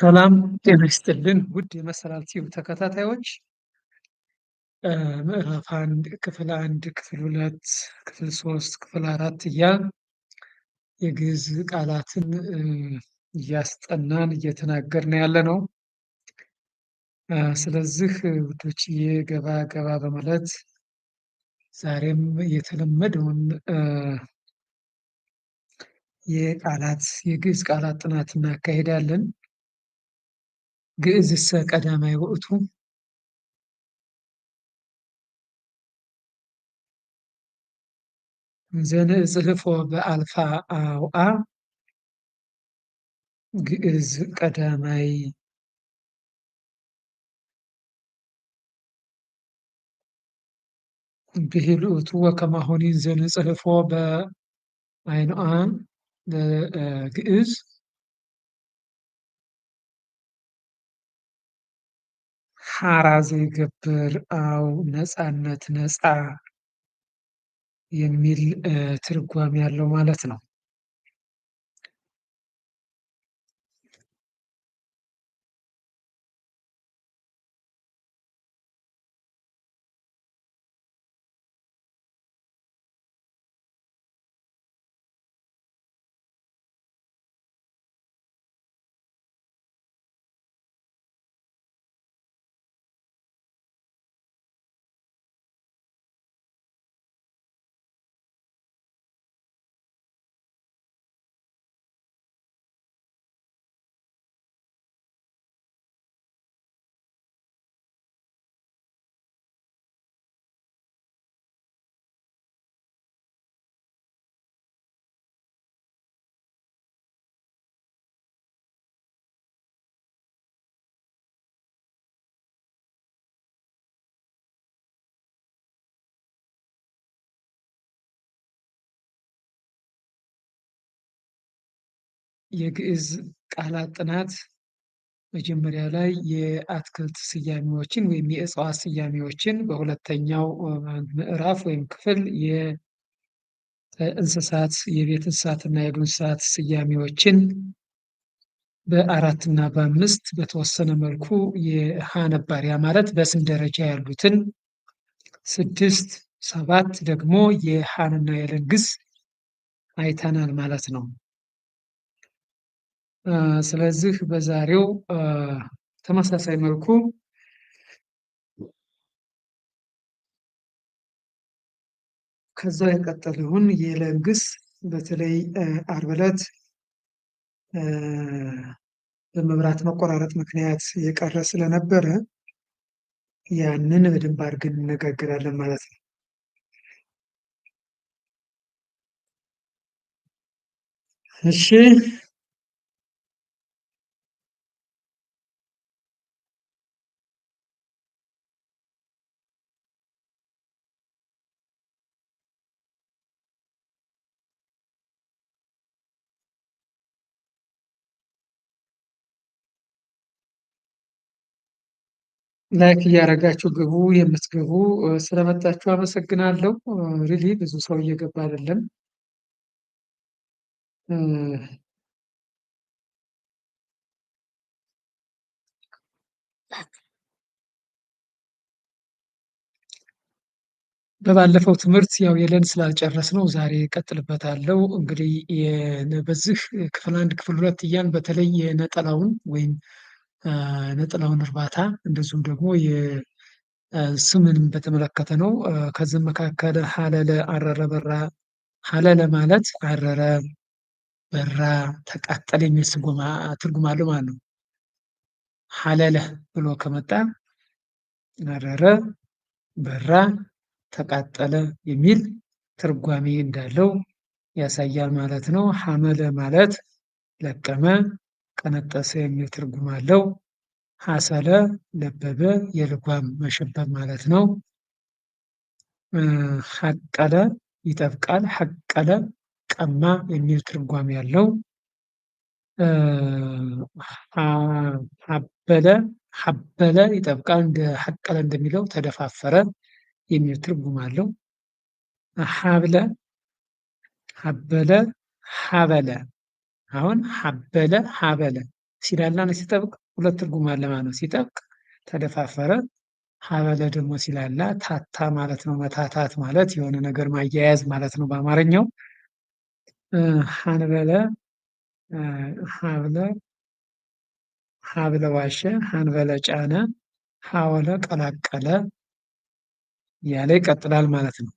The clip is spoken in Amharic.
ሰላም ጤና ይስጥልን ውድ የመሰላል ቲዩብ ተከታታዮች ምዕራፍ አንድ ክፍል አንድ ክፍል ሁለት ክፍል ሶስት ክፍል አራት እያል የግዕዝ ቃላትን እያስጠናን እየተናገርን ያለ ነው። ስለዚህ ውዶችዬ ገባ ገባ በማለት ዛሬም የተለመደውን የቃላት የግዕዝ ቃላት ጥናት እናካሄዳለን። ግእዝስ ቀዳማይ ውእቱ ዘንጽሕፎ በአልፋ አውአ ግእዝ ቀዳማይ ብሂልኡቱ ወከማሆኒን ዘንጽሕፎ በአይኑአ ግእዝ ሐራ ዘይገብር አው ነፃነት ነፃ የሚል ትርጓሜ ያለው ማለት ነው። የግዕዝ ቃላት ጥናት መጀመሪያ ላይ የአትክልት ስያሜዎችን ወይም የእጽዋት ስያሜዎችን፣ በሁለተኛው ምዕራፍ ወይም ክፍል የእንስሳት የቤት እንስሳትና የዱር እንስሳት ስያሜዎችን በአራት እና በአምስት በተወሰነ መልኩ የሀ ነባሪያ ማለት በስም ደረጃ ያሉትን ስድስት ሰባት ደግሞ የሀንና የለን አይተናል ማለት ነው። ስለዚህ በዛሬው ተመሳሳይ መልኩ ከዛው የቀጠለውን የለግስ በተለይ አርበለት ዕለት በመብራት መቆራረጥ ምክንያት የቀረ ስለነበረ ያንን በደንብ አድርገን እንነጋገራለን ማለት ነው። እሺ ላይክ እያደረጋችሁ ግቡ። የምትገቡ ስለመጣችሁ አመሰግናለሁ። ሪሊ ብዙ ሰው እየገባ አይደለም። በባለፈው ትምህርት ያው የለን ስላልጨረስ ነው ዛሬ ቀጥልበታለሁ። እንግዲህ በዚህ ክፍል አንድ ክፍል ሁለት እያን በተለይ የነጠላውን ወይም ነጥላውን እርባታ እንደዚሁም ደግሞ ስምን በተመለከተ ነው። ከዚህም መካከል ሀለለ አረረ በራ ሀለለ ማለት አረረ በራ ተቃጠለ የሚል ትርጉም አለው ማለት ነው። ሀለለ ብሎ ከመጣ አረረ በራ ተቃጠለ የሚል ትርጓሜ እንዳለው ያሳያል ማለት ነው። ሀመለ ማለት ለቀመ ቀነጠሰ የሚል ትርጉም አለው። ሀሰለ ለበበ የልጓም መሸበብ ማለት ነው። ሀቀለ ይጠብቃል። ሀቀለ ቀማ የሚል ትርጓም ያለው ሀበለ ሀበለ ይጠብቃል። እንደ ሀቀለ እንደሚለው ተደፋፈረ የሚል ትርጉም አለው። ሀብለ ሀበለ ሀበለ አሁን ሀበለ ሀበለ ሲላላ ሲጠብቅ ሁለት ትርጉም አለ ማለት ነው። ሲጠብቅ ተደፋፈረ፣ ሀበለ ደግሞ ሲላላ ታታ ማለት ነው። መታታት ማለት የሆነ ነገር ማያያዝ ማለት ነው በአማርኛው። ሀንበለ ሀብለ ሀብለ ዋሸ፣ ሀንበለ ጫነ፣ ሀወለ ቀላቀለ እያለ ይቀጥላል ማለት ነው።